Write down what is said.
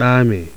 Dami